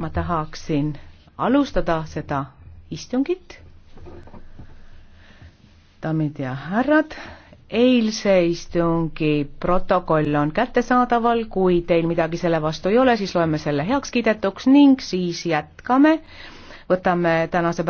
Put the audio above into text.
ma tahaksin alustada seda istungit. daamid ja härrad, eilse istungi protokoll on kättesaadaval, kui teil midagi selle vastu ei ole, siis loeme selle heaks kiidetuks ning siis jätkame. võtame tänase päeva